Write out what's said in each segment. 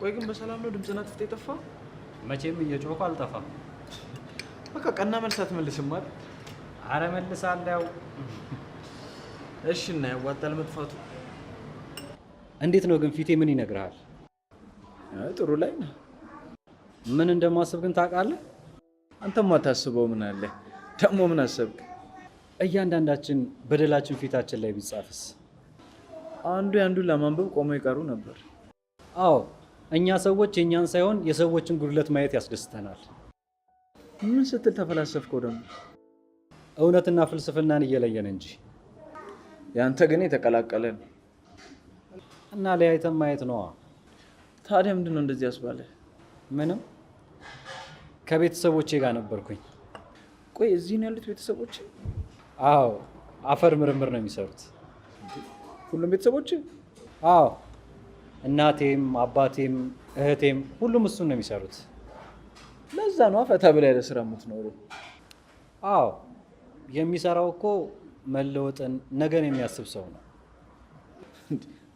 ቆይ ግን በሰላም ነው? ድምፅና ጥፍጥ የጠፋ መቼም እየጮኩ አልጠፋም። በቃ ቀና መልስ አትመልስም አይደል? አረ መልሳለሁ። እሺ እና ያዋጣል መጥፋቱ። እንዴት ነው ግን ፊቴ ምን ይነግርሃል? ጥሩ ላይ ነው። ምን እንደማስብ ግን ታውቃለህ? አንተም ማታስበው ምን አለ ደግሞ ምን አሰብክ? እያንዳንዳችን በደላችን ፊታችን ላይ ቢጻፍስ አንዱ የአንዱን ለማንበብ ቆሞ ይቀሩ ነበር። አዎ እኛ ሰዎች የእኛን ሳይሆን የሰዎችን ጉድለት ማየት ያስደስተናል። ምን ስትል ተፈላሰፍከው? ደግሞ እውነትና ፍልስፍናን እየለየን እንጂ ያንተ ግን የተቀላቀለን እና ለያይተን ማየት ነዋ። ታዲያ ምንድነው እንደዚህ ያስባለ? ምንም ከቤተሰቦቼ ጋር ነበርኩኝ። ቆይ እዚህ ነው ያሉት ቤተሰቦች? አዎ፣ አፈር ምርምር ነው የሚሰሩት። ሁሉም ቤተሰቦች? አዎ እናቴም አባቴም እህቴም ሁሉም እሱን ነው የሚሰሩት። ለዛ ነው ፈታ ብላ ስራ የምትኖሩ አዎ የሚሰራው እኮ መለወጥን፣ ነገን የሚያስብ ሰው ነው።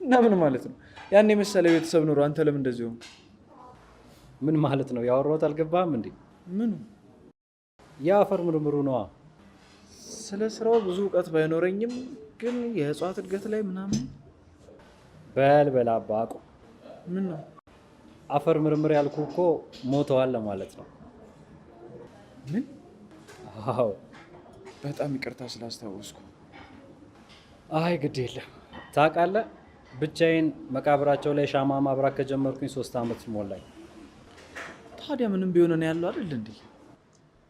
እና ምን ማለት ነው? ያን የመሰለ ቤተሰብ ኖሮ አንተ ለምን እንደዚሁ? ምን ማለት ነው ያወራሁት? አልገባህም እንዴ? ምኑ? የአፈር ምርምሩ ነዋ። ስለ ስራው ብዙ እውቀት ባይኖረኝም ግን የእጽዋት እድገት ላይ ምናምን በል በል አባ አቁም። ምን ነው አፈር ምርምር ያልኩ እኮ ሞተዋል ለማለት ነው። ምን? አዎ በጣም ይቅርታ ስላስታወስኩ። አይ ግድ የለም ታውቃለህ፣ ብቻዬን መቃብራቸው ላይ ሻማ ማብራት ከጀመርኩኝ ሶስት ዓመት ሞላኝ። ታዲያ ምንም ቢሆን ነው ያለው አይደል እንዴ?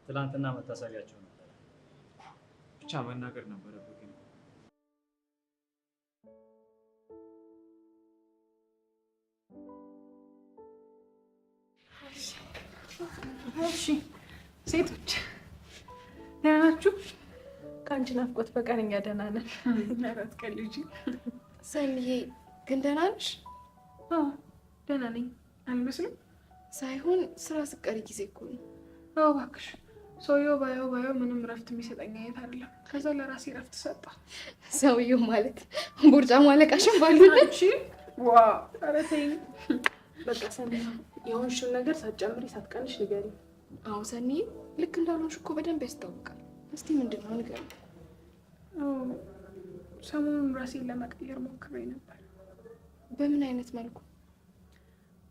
ትናንትና መታሰቢያቸው ነበር። ብቻ መናገር ነበረብህ ሴቶች ደህና ናችሁ? ከአንቺ ናፍቆት በቀር እኛ ደህና ነን። አራት ቀን ልጅ ሰሚዬ፣ ግን ደህና ነሽ? ደህና ነኝ አይመስልም። ሳይሆን ስራ ስቀሪ ጊዜ እኮ ነው። እባክሽ ሰውየው ባየው ባየው ምንም እረፍት የሚሰጠኝ አይነት አይደለም። ከዛ ለራሴ እረፍት ሰጣ። ሰውየው ማለት ቡርጫ ማለቃሽን ባሉ ዋ ኧረ በቃ ሰሚ የሆንሽን ነገር ሳትጨምሪ ሳትቀንሽ ንገሪ። አዎ ሰኒ፣ ልክ እንዳልሆንሽ እኮ በደንብ ያስታውቃል። እስቲ ምንድን ነው ንገሪ። ሰሞኑን ራሴን ለመቀየር ሞክሬ ነበር። በምን አይነት መልኩ?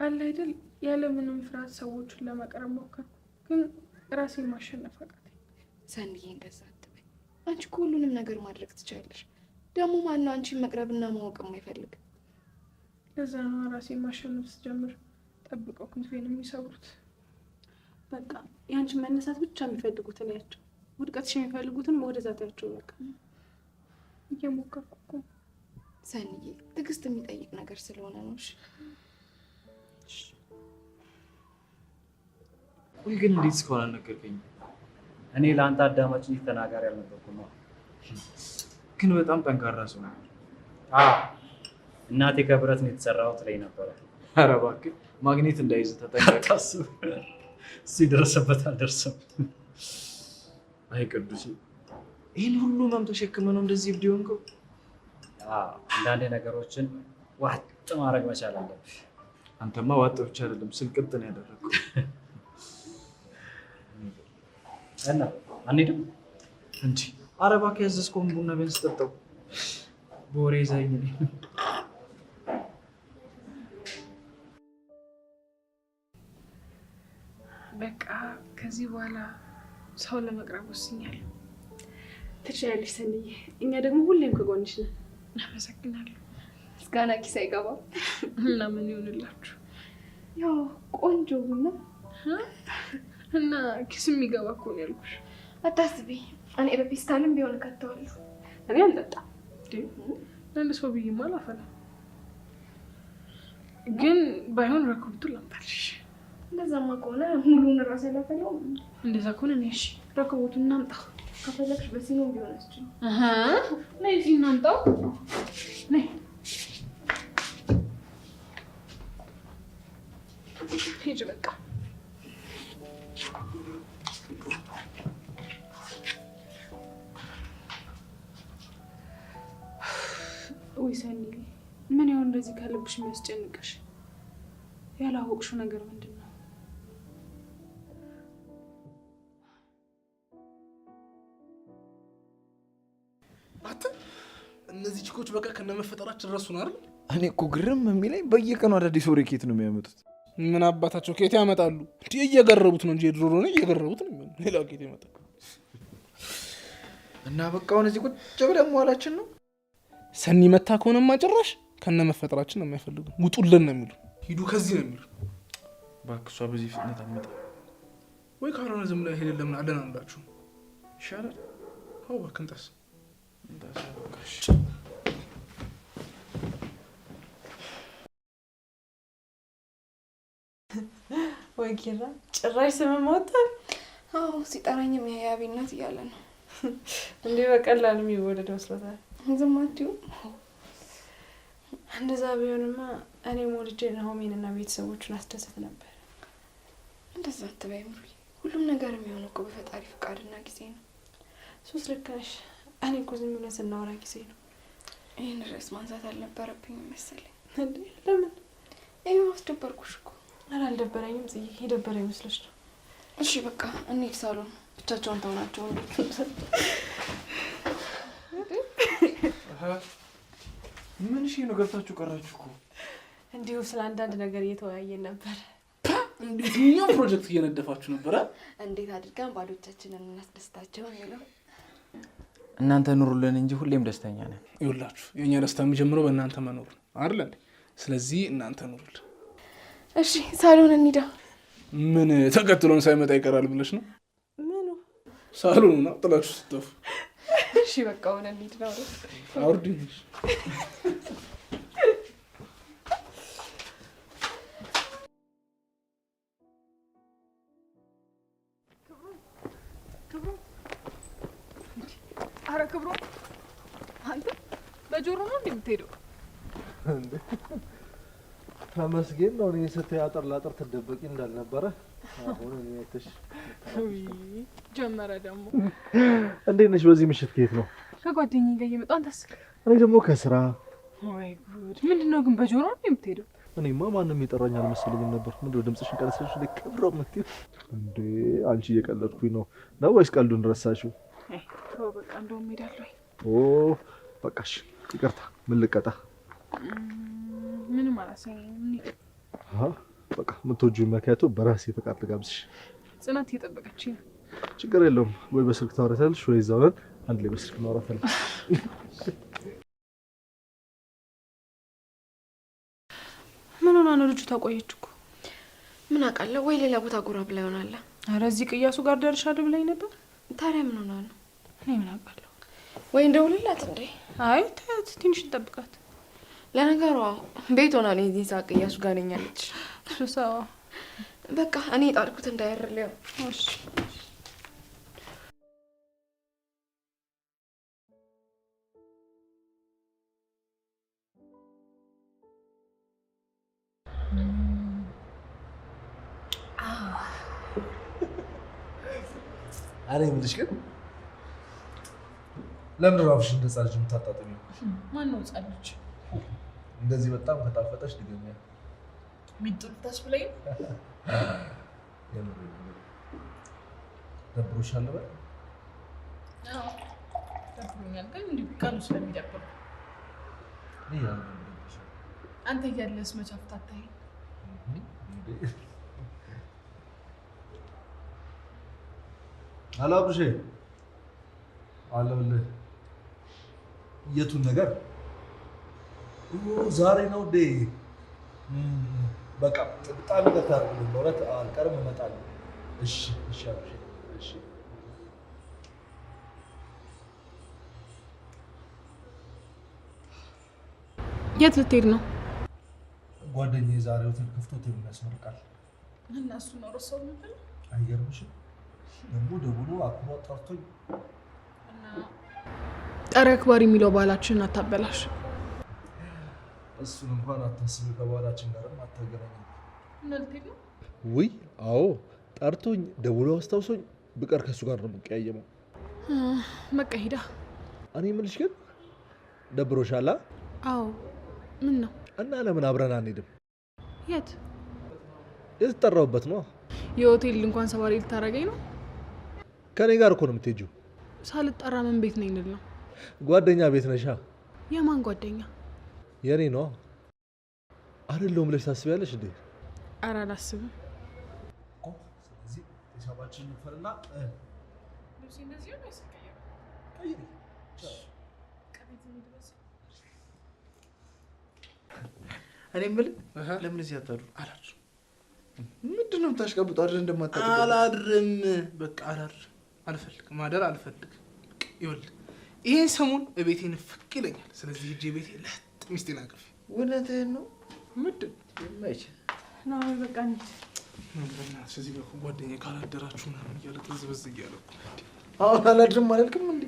አለ አይደል ያለምንም ፍርሃት ሰዎችን ለመቅረብ ሞከርኩ፣ ግን ራሴን ማሸነፍ አቃተኝ። ሰኒዬ እንደዛ አትበይ። አንቺ እኮ ሁሉንም ነገር ማድረግ ትችያለሽ። ደግሞ ማነው አንቺን መቅረብና ማወቅ የማይፈልግ? ለዛ ነው ራሴን ማሸነፍ ስጀምር ጠብቀው ክንፌን የሚሰብሩት። በቃ የአንቺ መነሳት ብቻ የሚፈልጉትን ያቸው፣ ውድቀትሽ የሚፈልጉትን ወደዛ ታያቸው። በቃ እየሞከርኩ እኮ ሰንዬ፣ ትዕግስት የሚጠይቅ ነገር ስለሆነ ነው። ወይ ግን እንዴት እስከሆነ ነገርከኝ። እኔ ለአንተ አዳማችን እንጂ ተናጋሪ ግን በጣም ጠንካራ ሰው ነው። እናቴ ከብረት ነው የተሰራው ላይ ነበረ። ኧረ እባክህ ማግኔት እንዳይዝ ተጠንቀቅ። ሲደረሰበት አልደርሰም። አይ ቅዱስ፣ ይህን ሁሉ ማም ተሸክመ ነው እንደዚህ እብድ የሆንከው? አንዳንድ ነገሮችን ዋጥ ማድረግ መቻል አለብህ። አንተማ ዋጥ ብቻ አይደለም ስልቅጥ ነው ያደረግከው። እና አንሄድም እንጂ ኧረ እባክህ ያዘዝከውን ቡና ቢያንስ ጠጣው። በወሬ ይዘኸኝ ከዚህ በኋላ ሰው ለመቅረብ ወስኛለሁ። ትችያለሽ ሰንዬ፣ እኛ ደግሞ ሁሌም ከጎንሽ ነን። እናመሰግናለሁ። ምስጋና ኪስ አይገባም እና ምን ይሆንላችሁ? ያው ቆንጆ ቡና እና ኪስ የሚገባ እኮ ነው ያልኩሽ። አታስቢ፣ እኔ በፌስታልም ቢሆን ከተዋለሁ። እኔ አልጠጣም። ለአንድ ሰው ብዬማ አላፈላም። ግን ባይሆን ረከብቱ ላምጣልሽ እንደዛማ ከሆነ ሙሉውን ራሴ ላፈለው። እንደዛ ከሆነ እኔ እሺ፣ ረከቦቱን እናምጣ። ከፈለግሽ በሲኖ ቢሆን ነይ፣ እዚህ እናምጣው። ነይ ሂጅ በቃ ወይ ሰኒ፣ ምን ይሆን እንደዚህ ከልብሽ የሚያስጨንቅሽ? ያላወቅሽው ነገር ምንድን ነው? አት እነዚህ ችኮች በቃ ከነመፈጠራችን ረሱን አይደል? እኔ እኮ ግርም የሚለኝ በየቀኑ አዳዲስ ወሬ ኬት ነው የሚያመጡት። ምን አባታቸው ኬት ያመጣሉ? እየገረቡት ነው እንጂ የድሮ ሆነ እየገረቡት ነው። ሌላ ኬት ይመጣል እና በቃ አሁን እዚህ ቁጭ ብለን መዋላችን ነው። ሰኒ መታ ከሆነማ ጭራሽ ከነ መፈጠራችን ነው የሚያፈልጉ። ውጡልን ነው የሚሉ፣ ሂዱ ከዚህ ነው የሚሉ። እባክህ እሷ በዚህ ፍጥነት አመጣ ወይ ካልሆነ ዝም ብላ ሄደን ለምን አደናንዳችሁ ይሻላል። እባክህ እንጠስ ወይ ኪራ ጭራሽ ስምም ወጣ። አዎ ሲጠራኝም የያቢ እያለ ነው። እንዲህ በቀላሉ የሚወደድ መስሎታል። ዝም አትይው። እንደዛ ቢሆንማ እኔ ሞልጄ ናሆሜን እና ቤተሰቦቹን አስደስት ነበር። እንደዛ አትበይ ምሩዬ። ሁሉም ነገር የሚሆነው እኮ በፈጣሪ ፈቃድና ጊዜ ነው። ሶስት ልክ ነሽ። እኔ እኮ ዝም ብለን ስናወራ ጊዜ ነው። ይህን ርዕስ ማንሳት አልነበረብኝ መሰለኝ። ለምን ይህ አስደበርኩሽ እኮ። ኧረ አልደበረኝም ጽዬ፣ የደበረ ይመስለች ነው። እሺ በቃ እኔ ሳሎን ብቻቸውን ተውናቸው። ምን ሺ ነው ገብታችሁ ቀራችሁ እኮ። እንዲሁ ስለ አንዳንድ ነገር እየተወያየን ነበር። እንዴትኛው ፕሮጀክት እየነደፋችሁ ነበረ? እንዴት አድርገን ባዶቻችንን እናስደስታቸው የሚለው እናንተ ኑሩልን እንጂ ሁሌም ደስተኛ ነን። ይውላችሁ የእኛ ደስታ የሚጀምረው በእናንተ መኖር አይደል? ስለዚህ እናንተ ኑሩልን። እሺ ሳሎን እንሂዳ። ምን ተከትሎን ሳይመጣ ይቀራል ብለሽ ነው? ምኑ ሳሎኑ ነው ጥላችሁ ስጠፉ። እሺ በቃ ሆነ እንሂድ ነው አውርድ በጆሮ ነው እንዴ የምትሄደው? ተመስገን ነው። እኔ ስትይ አጥር ላጥር ትደበቂ እንዳልነበረ አሁን እኔ አይተሽ ጀመረ። ደግሞ እንዴት ነሽ? በዚህ ምሽት ከየት ነው? ከጓደኛዬ ጋር እየመጣሁ አንተስ? እኔ ደግሞ ከስራ። ወይ ጉድ! ምንድን ነው ግን በጆሮ ነው የምትሄደው? እኔማ ማንም የጠራኝ አልመሰለኝም ነበር። ምንድን ነው ድምፅሽን ቀነሰሽ? ክብሮ ምት እንዴ! አንቺ እየቀለድኩኝ ነው ነው ወይስ ቀልዱን ረሳሽው? በቃ እንደውም ሄዳለሁ። ኦ በቃሽ። ይቅርታ። ምን ልቀጣ? ምንም አላሰኘኝም። በቃ የምትወጂው መኪያቶ በራሴ ፈቃድ ልጋብዝሽ። ጽናት እየጠበቀች ችግር የለውም። ወይ በስልክ ታወራታለሽ ወይ እዛው ነን አንድ ላይ በስልክ እናወራታለን። ምን ሆና ነው ልጁ? ታቆየች እኮ ምን አውቃለሁ። ወይ ሌላ ቦታ ጎራ ብላ ይሆናል። ኧረ እዚህ ቅያሱ ጋር ደርሻለሁ ብላኝ ነበር። ታዲያ ምን ሆና ነው? እኔ ምን አውቃለሁ ወይ እንደውልላት እንዴ? አይ ትንሽ እንጠብቃት። ለነገሯ ቤት ሆና ነው የዚህ ሳቅ እያሱ ጋነኛለች። እሱ በቃ እኔ ጣልኩት እንዳይርል ያው አረ የምልሽ ግን ለምን እባክሽ እንደ ልጅ የምታጣጥሚ? ማን ነው ጻድጅ? እንደዚህ በጣም ከጣፈጠሽ ድገሚያ ሚጥልታሽ ብለኝ ደብሮሻል በል። አዎ ደብሮኛል፣ ግን እንዲህ ቀኑ ስለሚደብር አንተ እያለህስ መቼ አፍታታኝ አላብሽ አለሁልህ የቱን ነገር ዛሬ ነው ዴ በቃ በጣም ይቅርታ አድርጉልኝ። አልቀርም፣ እመጣለሁ። እሺ፣ እሺ፣ የት ልትሄድ ነው? ጓደኛ የዛሬ ሆቴል ከፍቶት የሚያስመርቃል። እነሱ ኖሮ ሰው ምንድን አይገርምሽም? ደግሞ ደውሎ አክብሮ ጠርቶኝ ጠሪ አክባሪ የሚለው ባህላችንን አታበላሽ። እሱን እንኳን አታስብ፣ ከባህላችን ጋርም አታገናኝ። ውይ አዎ፣ ጠርቶኝ ደውሎ አስታውሶኝ ብቀር ከእሱ ጋር ነው የምቀያየመው። መቀሄዳ እኔ የምልሽ ግን ደብሮሻል? አዎ። ምን ነው እና ለምን አብረን አንሄድም? የት የተጠራሁበት ነው? የሆቴል እንኳን ሰባሪ ልታረገኝ ነው? ከኔ ጋር እኮ ነው የምትሄጂው። ሳልጠራ ምን ቤት ነኝ ልል ነው ጓደኛ ቤት ነሻ። የማን ጓደኛ? የኔ ነው። አይደለሁም ብለሽ ታስቢያለሽ እንዴ? ኧረ አላስብም። እኔ የምልህ ለምን እዚህ አታድሩ አላድርም። ምንድን ነው የምታሽቀብጠው? አድር እንደማታ አላድርም። በቃ አላድርም። አልፈልግም። ማደር አልፈልግም። ይኸውልህ ይሄን ሰሞን እቤቴን ፍቅ ይለኛል። ስለዚህ እጅ ቤቴ ለጥ ሚስቴን አቅፍ። እውነትህን ነው። ምድን የማይችል ነው በቃ እንጂ ስለዚህ በኩል ጓደኛዬ ካላደራችሁ ምናምን እያለ ጥዝ እያለ አሁን አላድርም አላልክም እንዴ?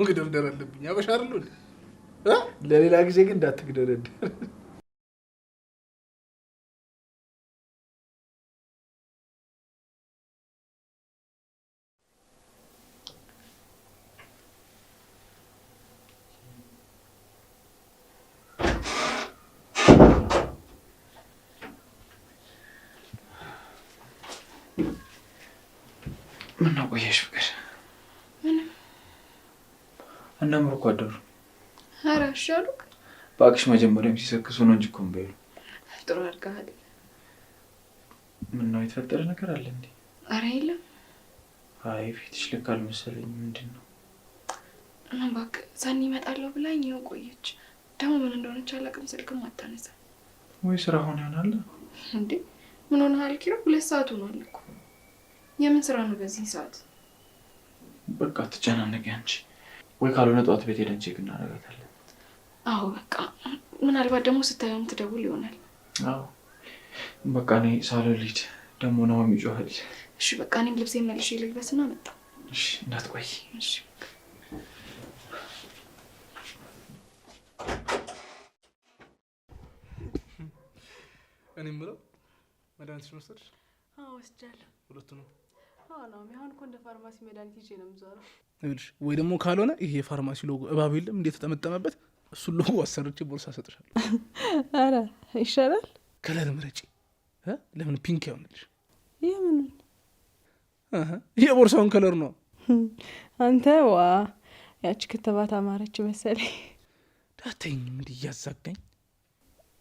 መግደብደር አለብኝ አበሻ አይደለሁ። ለሌላ ጊዜ ግን እንዳትግደረደር ምነው ቆየሽ ፍቅር? ምንም እና እኮ አደሩ። ኧረ ሻሉ በአቅሽ መጀመሪያም ሲሰክሱ ነው እንጂ እኮ እምቢ አሉ። ጥሩ አድርገሃል። ምነው የተፈጠረ ነገር አለ እንዴ? ኧረ የለም። አይ ፊትሽ ልክ አልመሰለኝም። ምንድን ነው? እባክህ ሰኒ እመጣለሁ ብላኝ ይኸው ቆየች። ደግሞ ምን እንደሆነች አላውቅም። ስልክም አታነሳም ወይ? ስራ ሆነ ይሆናል እንዴ? ምን ሆነሃል ኪራ? ሁለት ሰዓት ሆኗል እኮ የምን ስራ ነው በዚህ ሰዓት? በቃ ትጨናነቂ አንቺ። ወይ ካልሆነ ጠዋት ቤት ሄደን ቼክ እናደርጋታለን። አዎ በቃ ምናልባት ደግሞ ስታየውም ትደውል ይሆናል። አዎ በቃ እኔ ሳሎን ልሂድ፣ ደግሞ ነው የሚጮኸል። እሺ በቃ እኔም ልብሴ መልሼ ልልበስና መጣ። እሺ እንዳትቆይ። እሺ እኔ የምለው መድኃኒትሽን ወሰድሽ? አዎ ወስጃለሁ። ሁለቱ ነው አሁን እኮ እንደ ፋርማሲ መድኃኒት ይዤ ነው የምዞረው። ይኸውልሽ፣ ወይ ደግሞ ካልሆነ ይሄ የፋርማሲ ሎጎ እባብ የለም እንዴት ተጠመጠመበት? እሱን ሎጎ አሰርቼ ቦርሳ ሰጥሻለሁ። ኧረ ይሻላል። ከለር ምረጪ። ለምን ፒንክ ያሆንልሽ? የምን ቦርሳውን ከለር ነው አንተ። ዋ ያቺ ክትባት አማረች መሰለኝ። ዳተኝ ምን እያዛጋኝ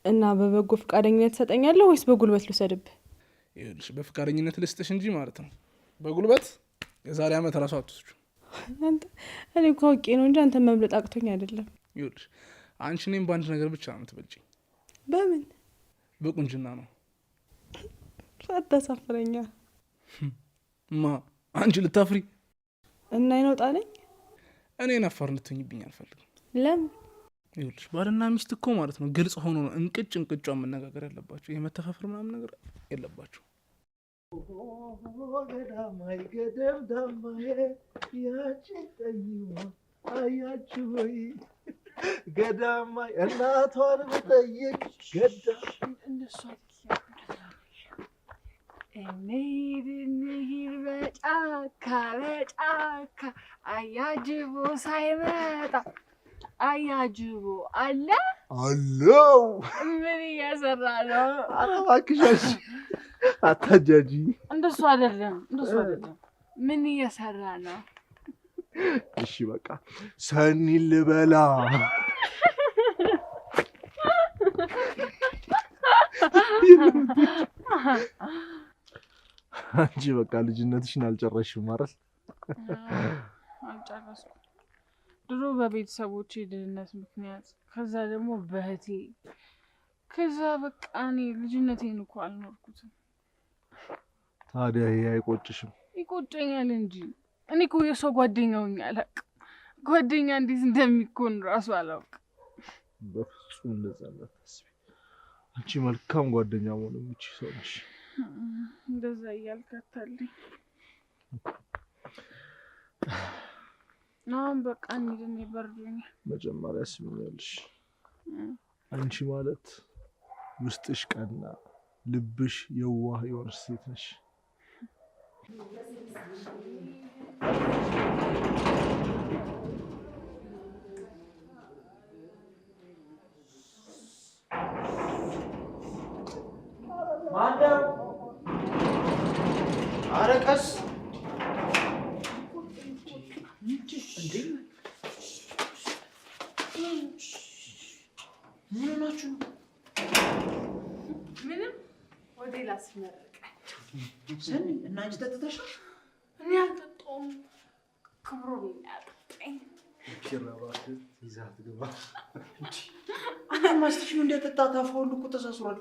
እና በበጎ ፈቃደኝነት ትሰጠኛለህ ወይስ በጉልበት ልውሰድብህ? ይኸውልሽ፣ በፈቃደኝነት ልስጥሽ እንጂ ማለት ነው በጉልበት የዛሬ ዓመት ራሱ አትስጩ። እኔ እኮ አውቄ ነው እንጂ አንተ መብለጥ አቅቶኝ አይደለም። ይኸውልሽ አንቺ እኔም በአንድ ነገር ብቻ ነው የምትበልጭኝ። በምን? በቁንጅና ነው። አታሳፍረኛ ማ አንቺ ልታፍሪ እና ይነውጣለኝ እኔ ነፋር ልትሆኝብኝ አልፈልግም። ለምን? ይኸውልሽ ባልና ሚስት እኮ ማለት ነው ግልጽ ሆኖ ነው እንቅጭ እንቅጫ መነጋገር ያለባቸው። የመተፋፈር ምናምን ነገር የለባቸው ገዳማይ ገደም ዳማዬ ያቺ ጠይማ ገዳማይ እናቷን ብጠይቅ እንሂድ እንሂድ በጫካ በጫካ አያጅቦ ሳይመጣ አያጅቦ አለ አለው ምን እየሰራ ነው? ኧረ እባክሽ አታጃጂ። እንደሱ አይደለም፣ እንደሱ አይደለም። ምን እየሰራ ነው? እሺ በቃ ሰኒ ልበላ። አንቺ በቃ ልጅነትሽን አልጨረሽም ማለት አልጨረስኩም። ድሮ በቤተሰቦች የድህነት ምክንያት ከዛ ደግሞ በህቴ ከዛ በቃ እኔ ልጅነቴን እኮ አልኖርኩትም። ታዲያ ይሄ አይቆጭሽም? ይቆጨኛል እንጂ እኔ እኮ የሰው ጓደኛ ሆኜ አላውቅም። ጓደኛ እንዴት እንደሚኮን ራሱ አላውቅም። በፍጹም እንደዛ እንዳታስቢ። አንቺ መልካም ጓደኛ መሆን ሰው ነሽ። እንደዛ አሁን በቃ እንሂድን፣ ይበርዱኛል። መጀመሪያ አንቺ ማለት ውስጥሽ ቀና፣ ልብሽ የዋህ የሆነች ሴት ነሽ። Gracias. አንቺ ጠጥተሻል? እኔ አልጠጣሁም። ክብሩ ያጠጣኝ ይዛት ግባ። ማስትሽ እንደጠጣ ታፋ ሁሉ እኮ ተሳስሯል።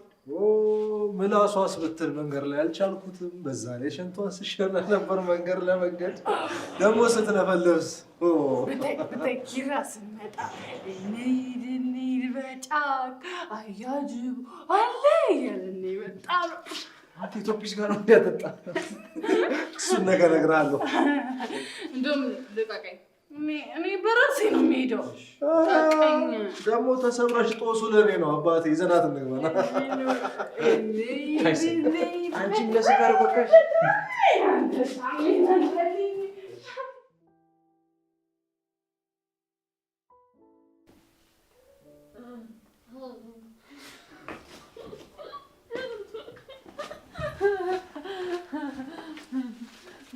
መንገድ ላይ አልቻልኩትም። በዛ ላይ ሸንቷ ስሸና ነበር መንገድ ለመንገድ ደግሞ ስትለፈለፍስ በኪራ ስመጣ እንሂድ እንሂድ በጫቅ አያጅብ አለ እያለ በጣም አንተ ኢትዮጵስ ጋር ነው ያጠጣ። እሱን ነገር እነግርሃለሁ። እንደውም ልቀቀኝ፣ እኔ በራሴ ነው የምሄደው። ደግሞ ተሰብረሽ ጦሱ ለእኔ ነው አባቴ። ይዘናት እንግባ። አንቺ ለስካር በቃሽ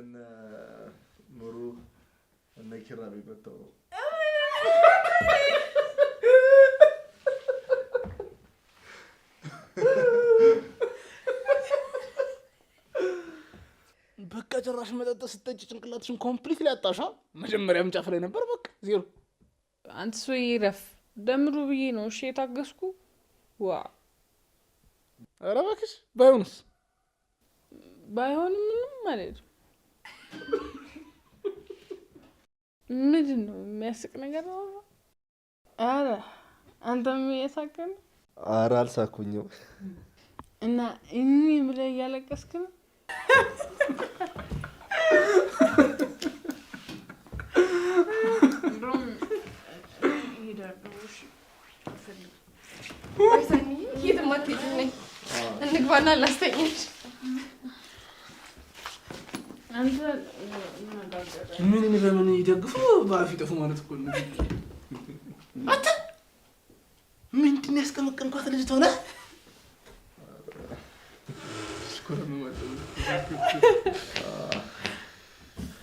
እነ ኑሩ እነ ኪራ ቤት በቃ ጭራሽ መጠጥ ስጠጭ ጭንቅላትሽን ኮምፕሊት ሊያጣሻ መጀመሪያም ጫፍ ላይ ነበር። በቃ ዜሮ አንተ ሰውዬ ረፍ ደምሩ ብዬ ነው እሺ የታገስኩ። ዋ ኧረ እባክሽ ባይሆንስ ባይሆንም ምንም ማለት ነው ምንድን ነው የሚያስቅ ነገር? አረ አንተም እየሳቅን። አረ አልሳኩኝም። እና እኒ ብለህ እያለቀስክ ነው? እንግባና ላስተኛች ምን በምን ይደግፉ በአፍ ይጠፉ ማለት እኮ ነው። አታ ምንድን ያስቀመቀንኳት ልጅ ሆነ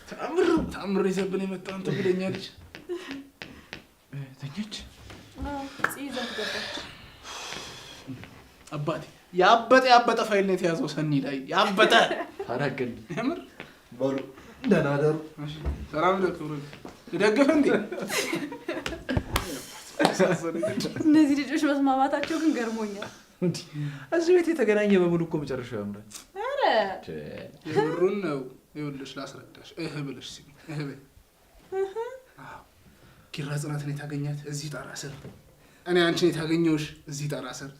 ተአምር ተአምር ይዘብን የመጣን ተብለኛ ልጅ ተኞች አባቴ ያበጠ ያበጠ ፋይል ነው የተያዘው ሰኒ ላይ ያበጠ አረግን ምር በሉ ደህና ደሩ ሰላም ነው። ክብሩ ልደግፍ እንዴ? እነዚህ ልጆች መስማማታቸው ግን ገርሞኛል። እዚህ ቤት የተገናኘ በሙሉ እኮ መጨረሻው ያምራል። ኧረ ነው። ይኸውልሽ ላስረዳሽ። እህ ሲ እህ በይ ኪራ ጽናትን የታገኛት እዚህ ጣራ ስር፣ እኔ አንቺን እዚህ ጣራ ስር።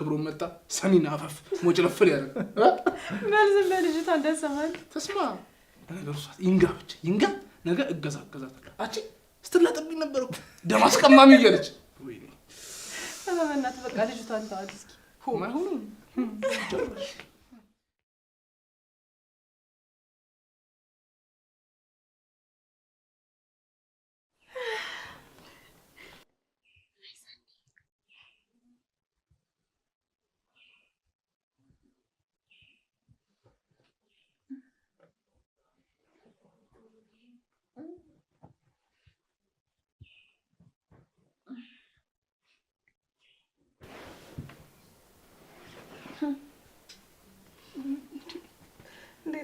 ክብሩን መጣ ሰኒን አፈፍ ሞጭለፍል ያለ መልዝም ለልጅቷ እንዳሰማል ተስማ ለእርሷት ይንጋ ብቻ ይንጋ። ነገ እገዛ እገዛታለሁ። አንቺ ስትላጥብኝ ነበር ደም አስቀማሚ እያለች በእናትህ በቃ ልጅቷን ተዋት እስኪ ማይሆኑም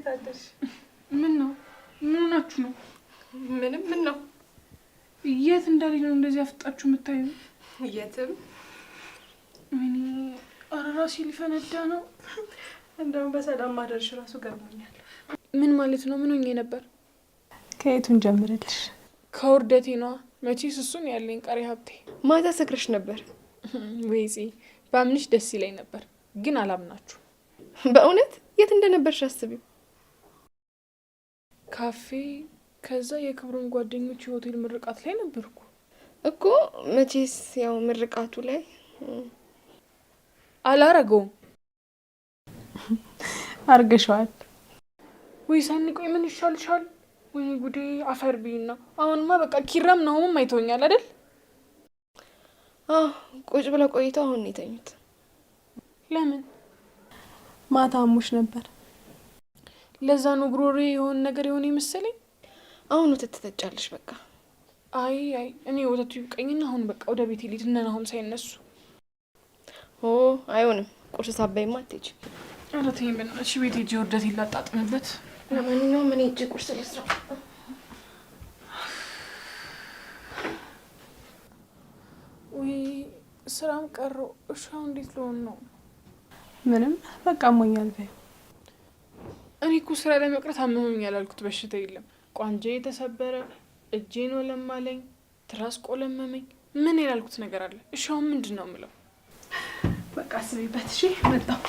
እንዴት አደርሽ? ምን ነው ምን ናችሁ ነው? ምንም ምን ነው? የት እንዳለኝ ነው እንደዚህ አፍጣችሁ የምታዩ? የትም። ምን? ኧረ ሊፈነዳ ነው። እንደውም በሰላም ማደርሽ ራሱ ገርሞኛል። ምን ማለት ነው? ምን ሆኜ ነበር? ከየቱን ጀምርልሽ? ከውርደቴ ነዋ። መቼ ስሱን ያለኝ ቀሪ ሀብቴ። ማታ ሰክረሽ ነበር ወይ? በአምንሽ ደስ ይለኝ ነበር፣ ግን አላምናችሁ። በእውነት የት እንደነበርሽ አስቢው። ካፌ፣ ከዛ የክብሩን ጓደኞች የሆቴል ምርቃት ላይ ነበርኩ እኮ። መቼስ ያው ምርቃቱ ላይ አላረገውም። አርገሸዋል ወይ? ሳንቆይ ምን ይሻልሻል? ወይ ጉዴ አፈር ብይና። አሁንማ በቃ ኪራም ናሆምም አይተውኛል አይደል? ቁጭ ብለው ቆይተው አሁን ነው የተኙት። ለምን ማታ አሞሽ ነበር? ለዛ ነው ጉሮሬ የሆነ ነገር የሆነ ይመስለኝ። አሁን ወተት ትጠጫለሽ በቃ። አይ አይ እኔ ወተቱ ይብቀኝና አሁን በቃ ወደ ቤት ሊድ እነ ናሆም ሳይነሱ። ኦ አይሆንም፣ ቁርስ ሳትበይማ አትሄጂም። ኧረ ተይኝ በእናትሽ ቤት ሂጅ፣ ውርደት ይላጣጥምበት። ለማንኛውም እኔ ሂጅ ቁርስ ልስራ። ውይ ስራም ቀረው። እሺ አሁን እንዴት ልሆን ነው? ምንም በቃ ሞኛል በይው እኔ እኮ ስራ ላይ መቅረት አመመኝ ያላልኩት በሽታ የለም። ቋንጃ የተሰበረ እጄን ወለማለኝ፣ ትራስ ቆለመመኝ፣ ምን ያላልኩት ነገር አለ? እሻውን ምንድን ነው ምለው? በቃ ስሜበት። እሺ መጣው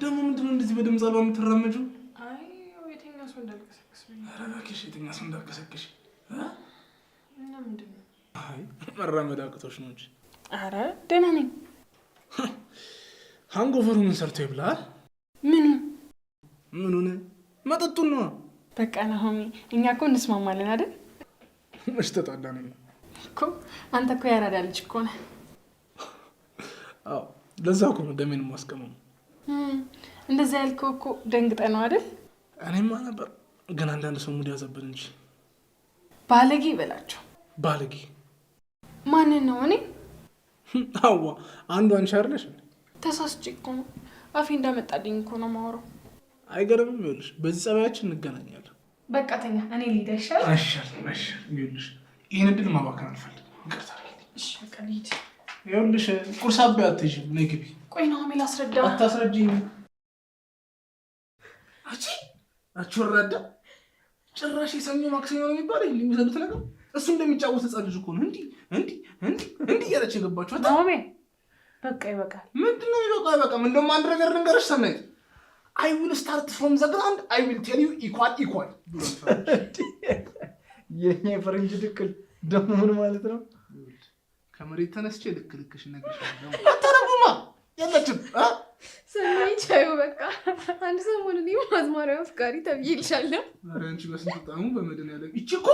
ደግሞ ምንድነው እንደዚህ በድምፅ አልባ የምትራመጁ? ተረጋግሽ፣ የተኛ ሰው እንዳልከሰከሽ። መራመድ አቅቶሽ ነው እንጂ። አረ ደህና ነኝ። ሃንጎቨሩ ምን ሰርቶ ይብላል? ምኑ ምኑን? መጠጡን ነዋ። በቃ ናሆሚ፣ እኛ እኮ እንስማማለን አይደል? መች ተጣላን እኮ። አንተ እኮ ያራዳ ልጅ እኮ ነህ። አዎ ለዛ እኮ ነው ደሜን ማስቀመሙ። እንደዛ ያልከው እኮ ደንግጠ ነው አይደል? እኔማ ነበር ግን አንዳንድ ሰው ሙድ ያዘብን እንጂ ባለጌ ይበላቸው። ባለጌ ማንን ነው? እኔ አዋ አንዱ አንቺ አይደለሽ? ተሳስቼ እኮ ነው አፌ እንዳመጣልኝ እኮ ነው የማወራው። አይገርምም? ይኸውልሽ በዚህ ጸባያችን እንገናኛለን። በቃ ተኛ፣ እኔ ልሂድ። አይሻል አይሻል ይኸውልሽ ይህን እድል ማባከን አልፈልግም። ይቅርታ። ይኸውልሽ ቁርስ አበይ አትይዥም። ነይ ግቢ። ቆይ ነው ሜል አስረዳ። አታስረጂኝ። አቺ አቺ ወራዳ ጭራሽ የሰኞ ማክሰኞ ነው የሚባለው የሚሰዱት ነገር እሱ እንደሚጫወት ህፃን ልጅ እኮ ነው። እንዲህ እንዲህ እንዲህ እንዲህ እያለች የገባችኋት። በቃ ይበቃል። ምንድን ነው የሚበቃ? አይበቃም። እንደውም አንድ ነገር ልንገርሽ ሰናይት፣ አይ ዊል ስታርት ፍሮም ዘ ግራውንድ አይ ዊል ቴል ዩ ኢኳል ኢኳል። የእኛ የፈረንጅ ድቅል ደግሞ ምን ማለት ነው? ከመሬት ተነስቼ ልክ ልክሽ ነገር አታረጉማ ያለችም ሰሚቻዩ በቃ አንድ ሰሞን እኔ ማዝማሪያ አፍቃሪ ተብዬ ልሻለሁ። አንቺ በስንት ጣሙ በመድን ያለ ይቺ እኮ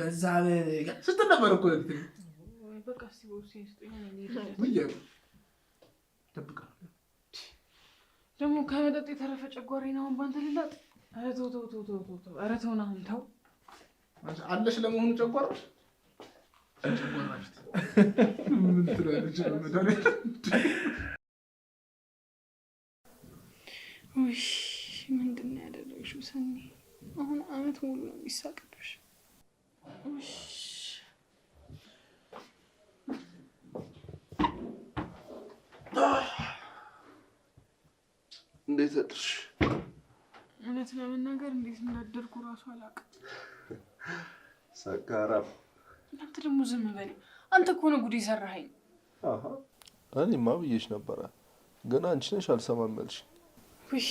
በዛ ስትል ነበር እኮ ደግሞ ከመጠጥ የተረፈ ጨጓራዬ ነው አሁን ባንተ ልላጥ። ኧረ ተው ተው ተው ተው ተው፣ ኧረ ተውን አሁን ተው አለሽ። ለመሆኑ ጨጓራሽ ጨጓራሽ ምን ትላለች? ውይ ምንድን ነው ያደረግሽው ሰኒ? አሁን አመት ሙሉ ነው የሚሳቅብሽ። እንዴት አድርሽ? እውነት ለመናገር እንዴት እንዳደርኩ እራሱ አላውቅም። ሰካራም እናንተ ደግሞ ዝም በል። አንተ እኮ ነው ጉድ የሰራኸኝ። እኔማ ብዬሽ ነበረ፣ ግን አንቺ ነሽ አልሰማም ያልሽኝ ውይ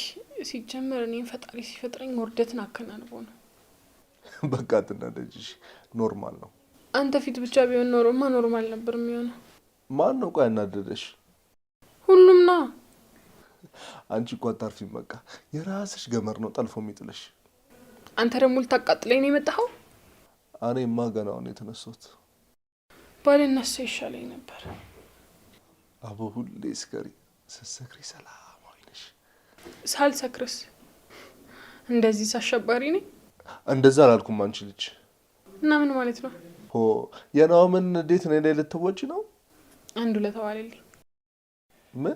ሲጀመር እኔም ፈጣሪ ሲፈጥረኝ ውርደትን አከናንቦ ነው። በቃ ትናደጅሽ ኖርማል ነው። አንተ ፊት ብቻ ቢሆን ኖሮማ ኖርማል ነበር የሚሆነው። ማን ነው ቆይ ያናደደሽ? ሁሉም ና። አንቺ እኮ አታርፊም። በቃ የራስሽ ገመር ነው ጠልፎ ሚጥለሽ አንተ ደግሞ ልታቃጥለኝ ነው የመጣኸው። እኔማ ገና ገናውን የተነሳሁት። ባሌ ይሻለኝ ነበር። አቦ ሁሌ ስከሪ ስትሰክሪ ሰላም ሳልሰክርስ እንደዚህ አሸባሪ ነኝ? እንደዛ አላልኩም። አንቺ ልጅ እና ምን ማለት ነው? ሆ ምን እንዴት ነ ላይ ልትወጪ ነው? አንዱ ለተዋለልኝ ምን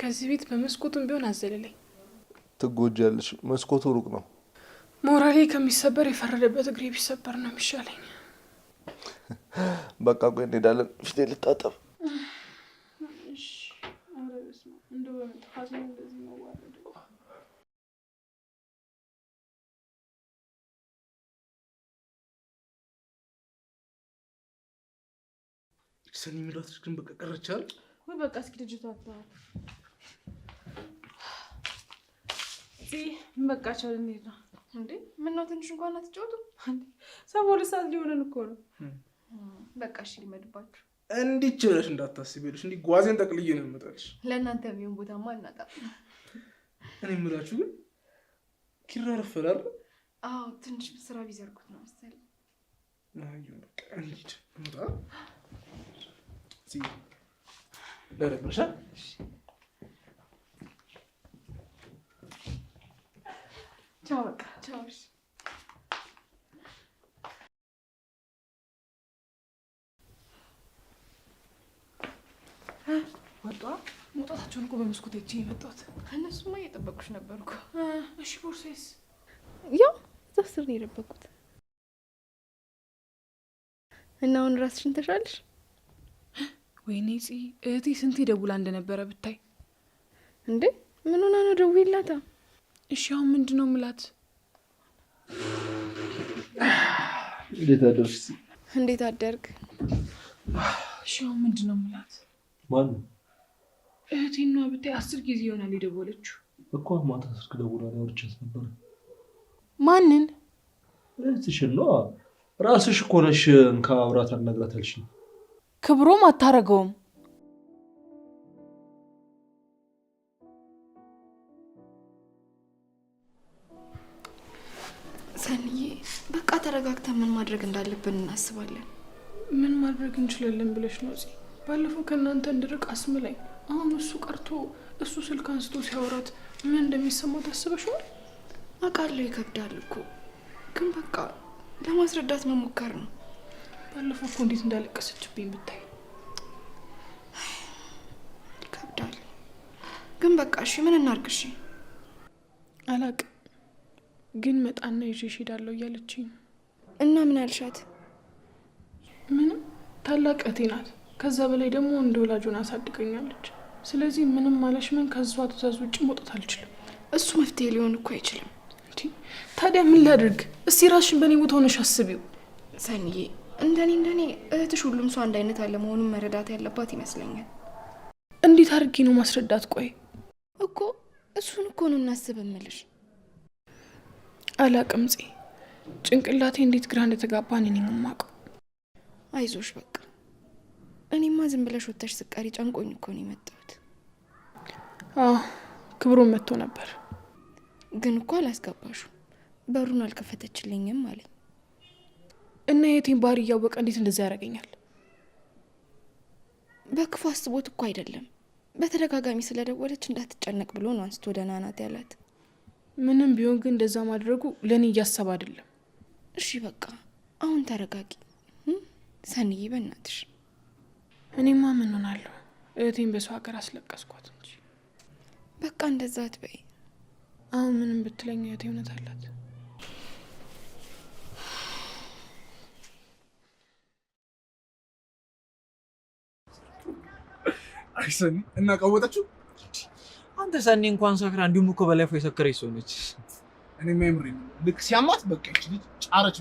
ከዚህ ቤት በመስኮቱም ቢሆን አዘለለኝ። ትጎጃለሽ። መስኮቱ ሩቅ ነው። ሞራሌ ከሚሰበር የፈረደበት እግሬ ቢሰበር ነው የሚሻለኝ። በቃ ቆይ እንሄዳለን፣ ፊቴ ልታጠብ ሰኒ የሚሏት ግን በቃ ቀረቻል ወይ? በቃ እስኪ ልጅቷ አትተዋት። በቃ ቻው፣ ልንሄድ ነው እንዴ? ምነው ትንሽ እንኳን አትጫወቱም? ሰባ ሁለት ሰዓት ሊሆነን እኮ ነው። በቃ እሺ፣ ሊመድባችሁ እንዲህ ችለሽ እንዳታስቢ ይኸውልሽ፣ እንዲህ ጓዜን ጠቅልዬ ነው የምመጣልሽ። ለእናንተ የሚሆን ቦታማ አናጣም። እኔ የምላችሁ ግን ኪራ ረፈላል። አዎ፣ ትንሽ ስራ ቢዘርጉት ነው መሰለኝ። እንሂድ እንውጣ ደረግሻል። ቻው በቃ ቻው። ወጧ መውጣታቸውን እኮ በመስኮት አይቼ የመጣት ከእነሱማ እየጠበቁሽ ነበርኩ እሺ ቦርሳዬስ? ያው እዛ ስር ነው የደበቁት። እና አሁን ራስሽን ተሻለሽ? ወይኔ ጽ እህቴ ስንቴ ደውላ እንደነበረ ብታይ። እንዴ ምን ሆና ነው ደውዬላታ? እሺ አሁን ምንድን ነው ምላት? እንዴት አደርግ እንዴት አደርግ። እሺ አሁን ምንድን ነው ምላት? ማን እህቴና ብታይ አስር ጊዜ ይሆናል የደወለችው እኮ ማታ ስልክ ደውላ ሊያወርቻት ነበር ማንን? እህትሽን ነዋ። ራስሽ እኮ ነሽ። እንካ አውራት አናግራት አልሽኝ ክብሮም አታረገውም። ሰንዬ በቃ ተረጋግተን ምን ማድረግ እንዳለብን እናስባለን። ምን ማድረግ እንችላለን ብለሽ ነው? እዚህ ባለፈው ከእናንተ እንድርቅ አስምላኝ። አሁን እሱ ቀርቶ እሱ ስልክ አንስቶ ሲያወራት ምን እንደሚሰማው ታስበሽ አውቃለሁ፣ ይከብዳል እኮ ግን በቃ ለማስረዳት መሞከር ነው። ባለፈው እኮ እንዴት እንዳለቀሰችብኝ ብታይ ይከብዳል። ግን በቃ እሺ፣ ምን እናድርግ? እሺ አላቅም፣ ግን መጣና ይዤሽ እሄዳለሁ እያለችኝ እና ምን አልሻት? ምንም ታላቅ እህቴ ናት። ከዛ በላይ ደግሞ እንደ ወላጆን አሳድገኛለች። ስለዚህ ምንም ማለሽ ምን ከዛ ትእዛዝ ውጭ መውጣት አልችልም። እሱ መፍትሄ ሊሆን እኮ አይችልም። ታዲያ ምን ላድርግ? እስቲ ራስሽን በእኔ ቦታ ሆነሽ አስቢው ሰንዬ። እንደኔ እንደኔ እህትሽ ሁሉም ሰው አንድ አይነት አለመሆኑን መረዳት ያለባት ይመስለኛል። እንዴት አድርጌ ነው ማስረዳት? ቆይ እኮ እሱን እኮ ነው እናስብ እምልሽ። አላቅምጽ ጭንቅላቴ እንዴት ግራ እንደተጋባ እኔ ነኝ የማውቀው። አይዞሽ በቃ እኔማ ዝም ብለሽ ወጥተሽ ስቀሪ ጨንቆኝ እኮ ነው የመጣሁት። አዎ ክብሮም መጥቶ ነበር፣ ግን እኮ አላስገባሹም። በሩን አልከፈተችልኝም አለኝ። እና የቴን ባህሪ እያወቀ እንዴት እንደዛ ያደርገኛል? በክፉ አስቦት እኮ አይደለም። በተደጋጋሚ ስለደወለች እንዳትጨነቅ ብሎ ነው አንስቶ ደህና ናት ያላት። ምንም ቢሆን ግን እንደዛ ማድረጉ ለእኔ እያሰብ አይደለም። እሺ በቃ አሁን ተረጋጊ ሰንዬ፣ በእናትሽ። እኔማ ምን ሆናለሁ? እህቴን በሰው ሀገር አስለቀስኳት እንጂ። በቃ እንደዛ አትበይ። አሁን ምንም ብትለኝ እህቴ እውነት አላት። አይ ሰኒ እና ቃወጠችው አንተ ሰኒ እንኳን ሰክራ እንዲሁም እኮ በላይ ፎይ ሰው ነች። እኔ ሜምሪ ልክ ሲያማት በቃ ልጅ ጫረች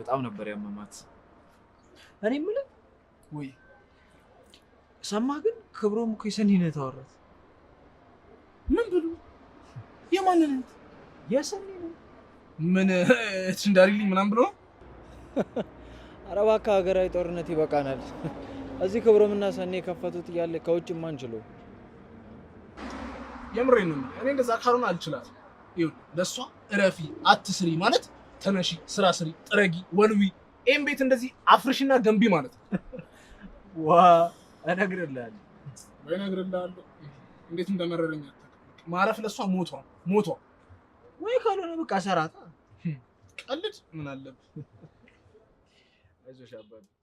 በጣም ነበር ያመማት። እኔ የምልህ ወይ ሰማህ ግን ክብሮም እኮ ምን ብሎ የሰኒ ነው። ምን እንዳሪልኝ ምናምን ብሎ ከሀገራዊ ጦርነት ይበቃናል። እዚህ ክብሮምና ሰኔ የከፈቱት እያለ ከውጭ ማንችለው የምሬ ነው። እኔ እንደዛ ካልሆነ አልችላት። ለእሷ እረፊ፣ አትስሪ ማለት ተነሺ፣ ስራ ስሪ፣ ጥረጊ፣ ወልዊ፣ ይህም ቤት እንደዚህ አፍርሽና ገንቢ ማለት ዋ እነግርልሃለሁ ወይ እነግርልሃለሁ፣ እንዴት እንደመረረኝ ማረፍ ለእሷ ሞቷ ሞቷ። ወይ ካልሆነ በቃ ሰራታ ቀልድ ምን አለብህ? አይዞሽ አባቴ